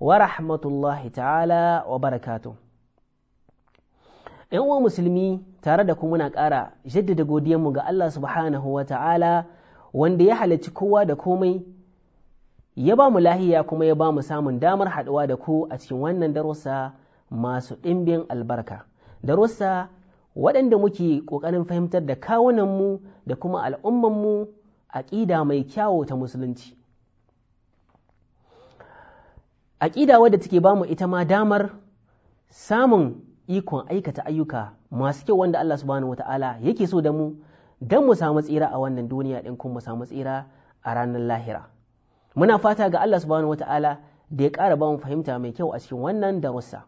wa rahmatullahi ta'ala wa barakatu ‘yan musulmi tare da kuma muna ƙara jaddada godiyanmu ga Allah subhanahu wa ta'ala wanda ya halarci kowa da komai ya ba mu lahiya kuma ya ba mu samun damar haɗuwa da ku a cikin wannan darussa masu ɗimbin albarka darussa waɗanda muke ƙoƙarin fahimtar da kawunanmu da kuma al'umman al'ummanmu aƙida mai kyawo ta musulunci aƙida wadda take ba mu ita ma damar samun ikon aikata ayyuka masu kyau wanda Allah subhanahu wata'ala yake so da mu don mu samu tsira a wannan duniya ɗin kuma mu samu tsira a ranar lahira muna fata ga Allah subhanahu wata'ala da ya ƙara ba mu fahimta mai kyau a cikin wannan darussa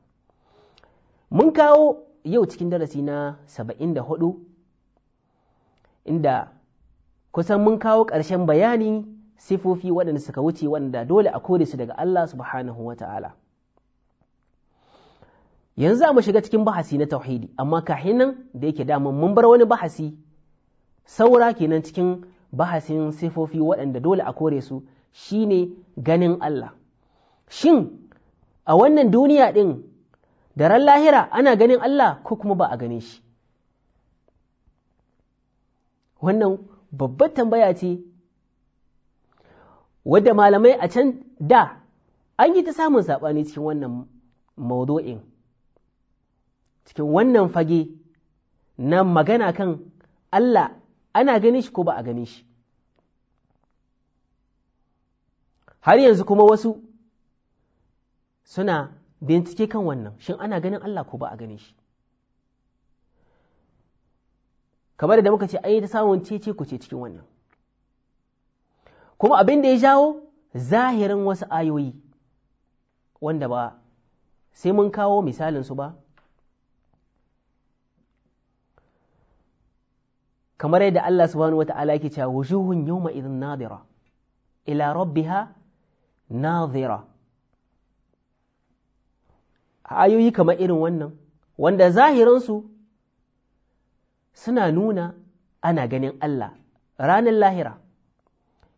mun kawo yau cikin darasi na saba'in da hudu inda kusan mun kawo ƙarshen bayani sifofi waɗanda suka wuce waɗanda dole a kore su daga Allah subhanahu wa ta'ala. Yanzu za mu shiga cikin bahasi na tauhidi, amma kahin nan da yake daman mun bar wani bahasi saura kenan cikin bahasin sifofi waɗanda dole a kore su shine ganin Allah. Shin a wannan duniya ɗin da ran lahira ana ganin Allah ko kuma ba a gane shi? Wannan babbar tambaya ce wadda malamai a can da an yi ta samun saɓani cikin wannan maudu'in cikin wannan fage na magana kan Allah ana ganin shi ko ba a ganin shi har yanzu kuma wasu suna bincike kan wannan shin ana ganin Allah ko ba a ganin shi kamar da muka ce an yi ta samun cece ku ce cikin wannan kuma abin da ya jawo zahirin wasu ayoyi wanda ba sai mun kawo misalinsu ba kamar yadda Allah subhanahu wa ta'ala yake cewa wujuhun yawma idhin nadira ila rabbiha nadira ayoyi kamar irin wannan wanda zahirinsu suna nuna ana ganin Allah ranar lahira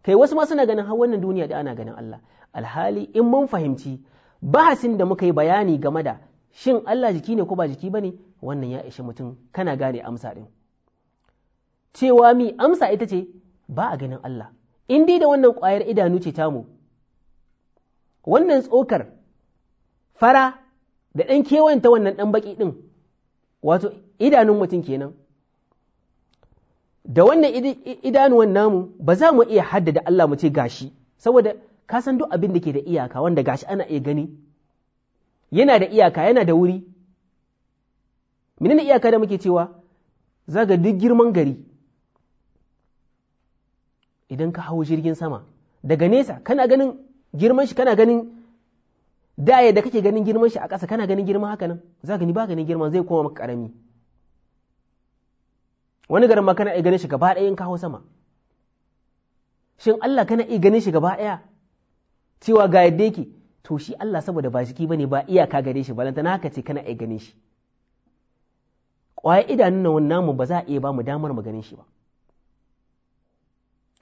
kai wasu ma suna ganin har wannan duniya da ana ganin Allah alhali in mun fahimci bahasin da muka yi bayani game da shin Allah jiki ne ko ba jiki bane wannan ya ishe mutum kana gane amsa din cewa mi amsa ita ce ba a ganin Allah in dai da wannan ƙwayar idanu ce tamu wannan tsokar fara da ɗan kewayen ta wannan ɗan baƙi ɗin wato idanun mutum kenan da wannan idanuwan namu ba za mu iya haddada Allah mu ce gashi saboda ka san duk abin da ke da iyaka wanda gashi ana iya gani yana da iyaka yana da wuri menene iyaka da muke cewa zaga duk girman gari idan ka hau jirgin sama daga nesa kana ganin girman shi kana ganin daya da kake ganin girman shi a ƙasa kana ganin girman haka nan za gani ba ganin girman zai koma maka ƙarami wani garin ma kana iya ganin shi gaba ɗaya in kawo sama shin Allah kana iya ganin shi gaba ɗaya cewa ga yadda yake to shi Allah saboda ba jiki bane ba iyaka gare shi balanta na haka ce kana iya ganin shi ƙwaya idanun na wannan mu ba za a iya ba mu damar mu ganin shi ba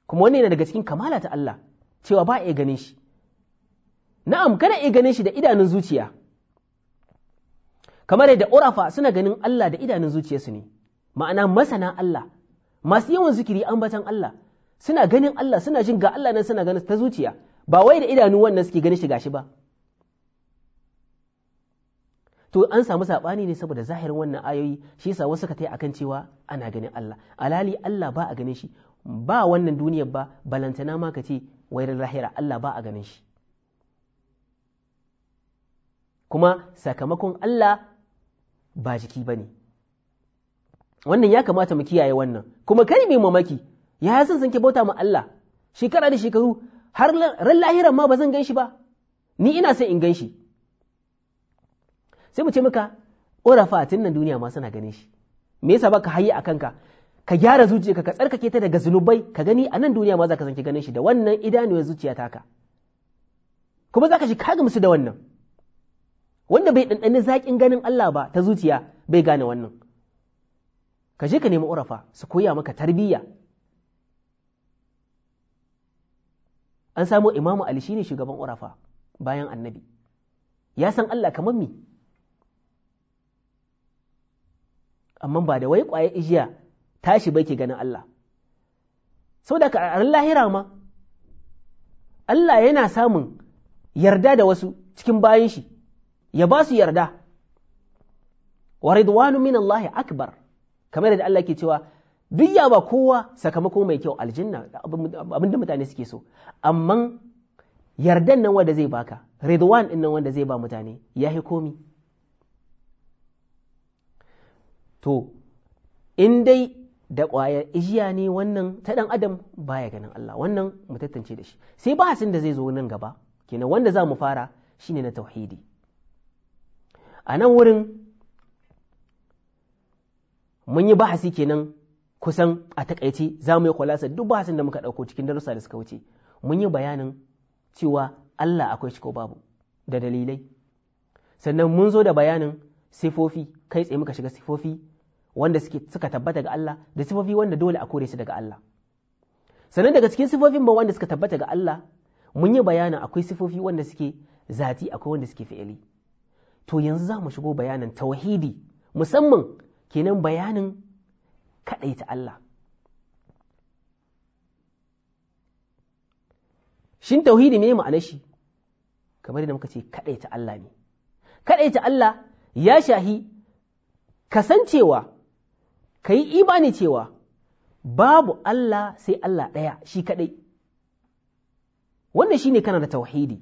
kuma wannan yana daga cikin kamala ta Allah cewa ba a iya ganin shi na'am kana iya ganin shi da idanun zuciya kamar yadda urafa suna ganin Allah da idanun zuciyarsu ne ma'ana masana Allah masu yawan zikiri batan Allah suna ganin Allah suna jin ga Allah nan suna ganin ta zuciya ba wai da idanu wannan suke ganin shi gashi ba to an samu saɓani ne saboda zahirin wannan ayoyi shi yasa wasu ka tai akan cewa ana ganin Allah alali Allah ba a ganin shi ba wannan duniyar ba balantana ma ka ce wairin lahira Allah ba a ganin shi kuma sakamakon Allah ba jiki ba ne wannan ya kamata mu kiyaye wannan kuma kai mai mamaki ya san sanke bauta ma Allah shekara da shekaru har ran lahiran ma ba zan gan shi ba ni ina son in ganshi. shi sai mu ce maka urafa tun nan duniya ma suna ganin shi me yasa baka hayi akan ka ka gyara zuciyarka ka tsarkake ta daga zunubai ka gani a nan duniya ma zaka san ki ganin shi da wannan idanuwar zuciya taka kuma zaka shi kaga musu da wannan wanda bai ɗanɗani zakin ganin Allah ba ta zuciya bai gane wannan ka je ka nemi urafa su koya maka tarbiyya an samu imamu ali shine shugaban urafa bayan annabi ya san Allah kamar mi amma ba da wai kwaye ijiya tashi bai ke ganin Allah sau da ƙarar lahira ma Allah yana samun yarda da wasu cikin bayan shi ya ba su yarda wa ridwanu min Allah akbar kamar da Allah ke cewa duk ya ba kowa sakamako mai kyau aljanna abin da mutane suke so amma yardan nan wanda zai baka ridwan din nan wanda zai ba mutane ya hi komi to in dai da ƙwayar ijiya ne wannan ta ɗan adam baya ganin Allah wannan mu tantance da shi sai bahasin da zai zo nan gaba kenan wanda za mu fara shine na tauhidi a nan wurin mun yi bahasi kenan kusan a takaice za mu yi kwalasa duk bahasin da muka ɗauko cikin darussa da suka wuce mun yi bayanin cewa Allah akwai shi ko babu da dalilai sannan mun zo da bayanin sifofi kai tsaye muka shiga sifofi wanda suke suka tabbata ga Allah da sifofi wanda dole a kore su daga Allah sannan daga cikin sifofin ba wanda suka tabbata ga Allah mun yi bayanin akwai sifofi wanda suke zati akwai wanda suke fi'ili to yanzu za mu shigo bayanin tauhidi musamman kenan bayanin kaɗaita Allah shin tauhidi me ma'ana shi kamar yadda muka ce kaɗaita Allah ne kaɗaita Allah ya shahi kasancewa ka yi imani cewa babu Allah sai Allah ɗaya shi kaɗai wannan shi ne kana da tauhidi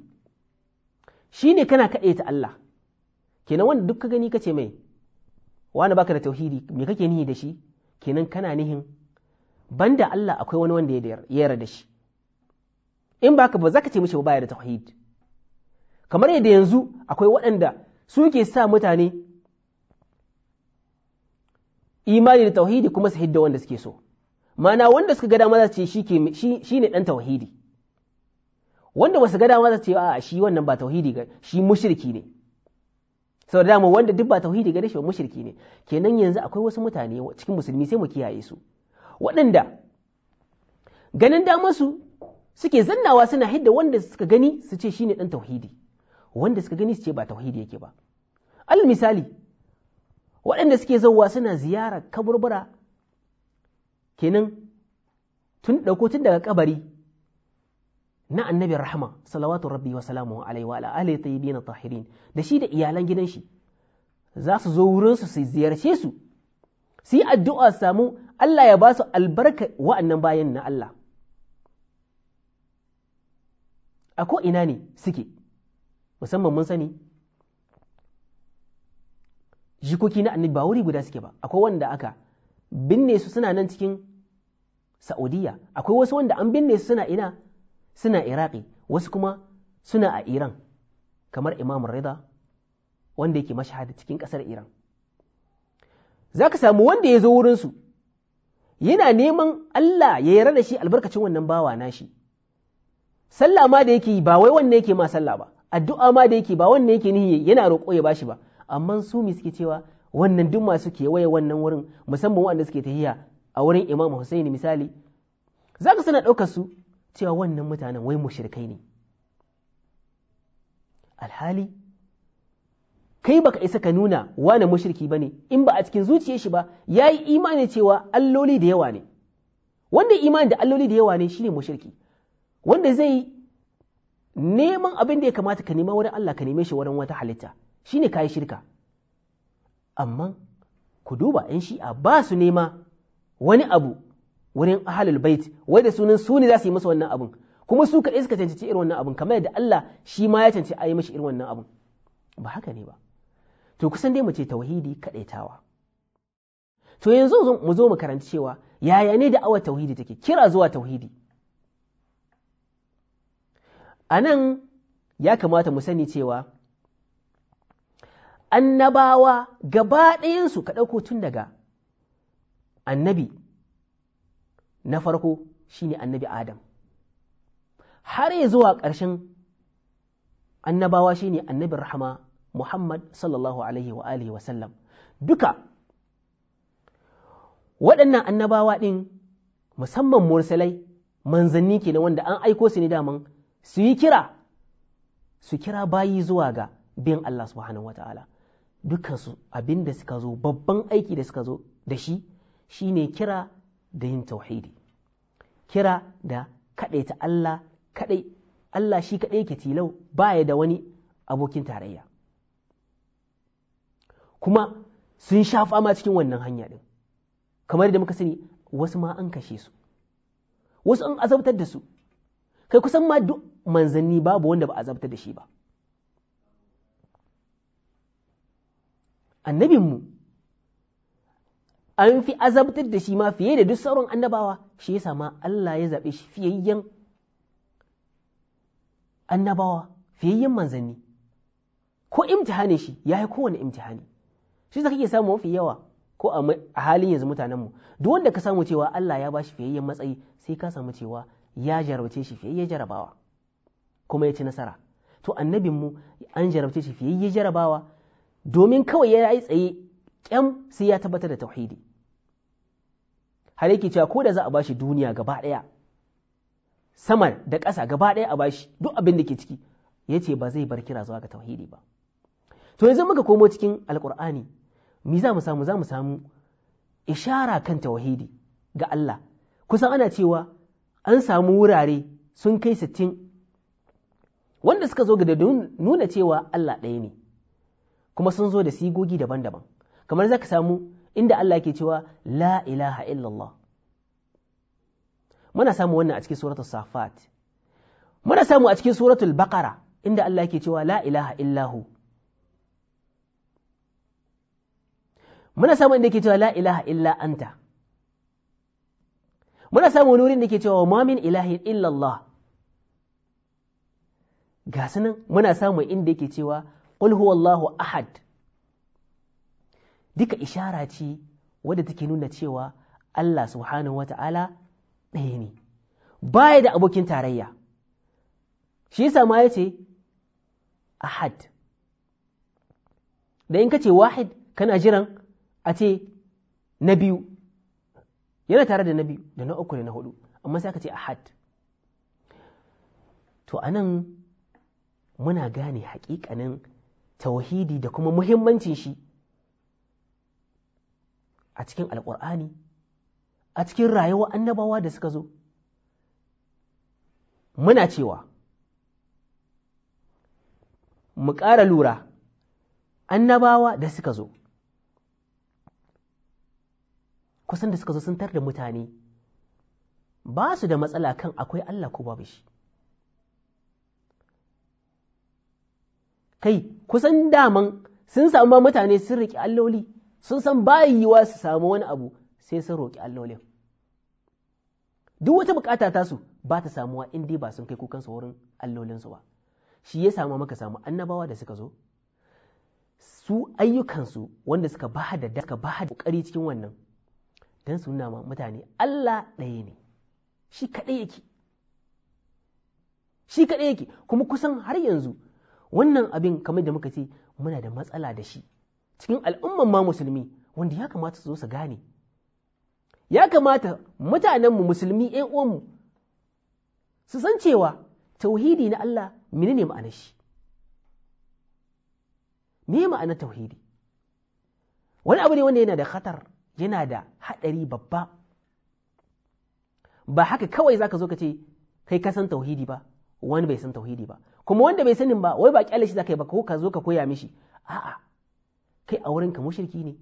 Shi ne kana ta Allah kenan wanda duk ka gani ka ce mai wani baka da tauhidi me kake nihi da shi kenan kana nihin banda Allah akwai wani wanda ya yarda da shi in baka ba zaka ce mishi ba baya da tauhid kamar yadda yanzu akwai waɗanda suke sa mutane imani da tauhidi kuma su hidda wanda suke so mana wanda suka ga dama za ce shi ne dan tauhidi wanda ba su ga dama ce a shi wannan ba tauhidi ga shi mushriki ne Sau dama wanda duk ba tauhidi gare shi ba mushriki ne kenan yanzu akwai wasu mutane cikin musulmi sai mu kiyaye su waɗanda ganin damar su suke zannawa suna hidda wanda suka gani su ce shine dan tauhidi wanda suka gani su ce ba tauhidi yake ba al misali waɗanda suke zauwa suna ziyara kaburbura kenan tun ɗauko tun daga kabari na annabi rahama salawatu rabbi wa salamu alaihi wa alihi tayyibin tahirin da shi da iyalan gidan shi za su zo wurin su su ziyarce su su yi addu'a samu Allah ya ba su albarka wa'annan bayan na Allah a ina ne suke musamman mun sani jikoki na annabi ba wuri guda suke ba akwai wanda aka binne su suna nan cikin Saudiya akwai wasu wanda an binne su suna ina suna iraki wasu kuma suna a iran kamar imam rida wanda yake mashahada cikin ƙasar iran za ka samu wanda ya zo wurinsu yana neman allah ya yarda da shi albarkacin wannan bawa na shi. sallah ma da yake ba wai wannan yake ma sallah ba addu'a ma da yake ba wannan yake nihi yana roƙo ya bashi ba amma su mi suke cewa wannan duk masu kewaye wannan wurin musamman waɗanda suke tahiya a wurin imam husaini misali za ka suna ɗaukar su cewa wannan mutanen wai mushrikai ne alhali kai baka isa ka nuna wane ba ne. in ba a cikin zuciyar shi ba ya yi imani cewa alloli da yawa ne wanda imani da alloli da yawa ne shine mushirki. wanda zai neman abin da ya kamata ka nema wurin Allah ka neme shi wurin wata halitta shine kai shirka amma ku duba in shi'a ba su nema wani abu wurin ahalul bait wai da sunan su ne za su yi masa wannan abun. kuma su kaɗai suka cancanci irin wannan abun. kamar yadda Allah shi ma ya cancanci a yi mashi irin wannan abun. ba haka ne ba to kusan dai mu ce tauhidi kaɗaitawa to yanzu mu zo mu karanci cewa yaya ne da da'awar tauhidi take kira zuwa tauhidi a nan ya kamata mu sani cewa annabawa gaba ɗayansu ka ɗauko tun daga annabi na farko shine annabi Adam har ya zuwa ƙarshen annabawa shine annabi rahama Muhammad sallallahu alaihi wa alihi wasallam duka waɗannan annabawa ɗin musamman mursalai manzanni ke na wanda an aiko su ne daman su yi kira su kira bayi zuwa ga bin Allah subhanahu wa ta'ala dukansu abin da suka zo babban aiki da suka zo da shi shine kira da yin tauhidi kira da kaɗaita Allah kaɗai Allah shi kaɗai ke tilau baya da wani abokin tarayya kuma sun sha fama cikin wannan hanya ɗin kamar da muka sani wasu ma an kashe su wasu an azabtar da su kai kusan ma duk manzanni babu wanda ba azabtar da shi ba annabinmu an fi azabtar da shi ma fiye da duk sauran annabawa shi yasa ma Allah ya zaɓe shi fiyayyen annabawa fiyayyen manzanni ko imtihani shi ya yi kowane imtihani shi zaka iya samu mafi yawa ko a halin yanzu mutanenmu duk wanda ka samu cewa Allah ya ba shi fiyayyen matsayi sai ka samu cewa ya jarabce shi fiyayyen jarabawa kuma ya ci nasara to annabinmu an jarabce shi fiyayyen jarabawa domin kawai ya yi tsaye kyam sai ya tabbatar da tauhidi har yake cewa ko da za a bashi duniya gaba ɗaya sama da ƙasa gaba ɗaya a bashi duk abin da ke ciki ya ce ba zai bar kira zuwa ga tauhidi ba to yanzu muka komo cikin alkur'ani mi za mu samu za mu samu ishara kan tauhidi ga Allah kusan ana cewa an samu wurare sun kai sittin wanda suka zo da nuna cewa Allah ɗaya ne kuma sun zo da sigogi daban-daban kamar za ka samu inda Allah ke cewa la ilaha illallah muna samu wannan a cikin suratul safat muna samu a cikin suratul baqara inda Allah ke cewa la ilaha illahu muna samu inda ke cewa la ilaha illa anta muna samu nurin da ke cewa ma min ilahin illallah ga sunan muna samu inda yake cewa qul huwallahu ahad duka ishara ce wadda take nuna cewa Allah subhanahu wa ta'ala ɗaya ne, baya da abokin tarayya, shi yasa ma ya ce, Ahad, da in ka ce wahid kana jiran a ce na biyu, yana tare da na biyu, da na uku da na hudu, amma sai ka ce Ahad. To, a nan muna gane haƙiƙanin tauhidi da kuma muhimmancin shi. a cikin alƙur'ani a cikin rayuwar annabawa da suka zo muna cewa mu ƙara lura annabawa da suka zo kusan da suka zo sun tar da mutane ba su da matsala kan akwai Allah ko babu shi kai kusan daman sun samu mutane sun riƙe alloli sun san bayi yiwa su samu wani abu sai sun roƙi allolin duk wata bukata su ba ta samuwa in dai ba sun kai kukansu wurin allolinsu ba shi ya samu maka samu annabawa da suka zo su ayyukansu wanda suka ba da da ba da ƙari cikin wannan don su nuna mutane Allah ɗaya ne shi kaɗai yake shi kaɗai yake kuma kusan har yanzu wannan abin kamar da muka ce muna da matsala da shi cikin al'umman ma musulmi wanda ya kamata su gane ya kamata mutanenmu musulmi ‘yan uwanmu su san cewa tauhidi na Allah menene ma'anar shi me ma'anar tauhidi wani abu ne wanda yana da khatar yana da haɗari babba ba haka kawai zaka zo ka ce kai ka san tauhidi ba wani bai san tauhidi ba kuma wanda bai sanin ba wai ba kyale shi zaka yi ba ko ka zo ka koya mishi a'a kai a wurinka mushirki ne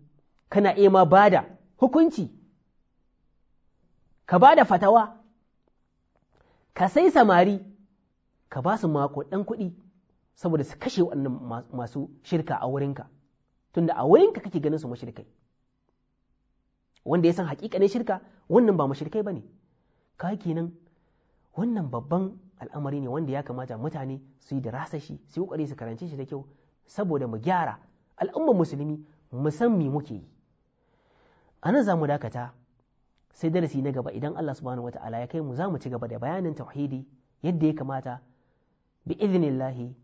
kana iya ma bada hukunci ka bada fatawa ka sai samari ka ba su mako ɗan kuɗi saboda su kashe waɗannan masu shirka a wurinka tunda a wurinka kake ganin su mashirkai wanda ya san ne shirka wannan ba mashirkai ba ne ka kenan wannan babban al'amari ne wanda ya kamata mutane su yi da rasa shi su yi ƙoƙari su karance shi da kyau saboda mu gyara al'ummar musulmi mu san me muke yi a nan za mu dakata sai darasi na gaba idan Allah subhanahu wa ta'ala ya kai mu za mu ci gaba da bayanin tauhidi yadda ya kamata bi idinillahi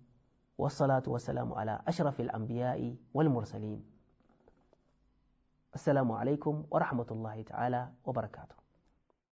wasalatu wasalamu ala ashrafil anbiya'i wal mursalin assalamu alaikum wa rahmatullahi ta'ala wa barakatuh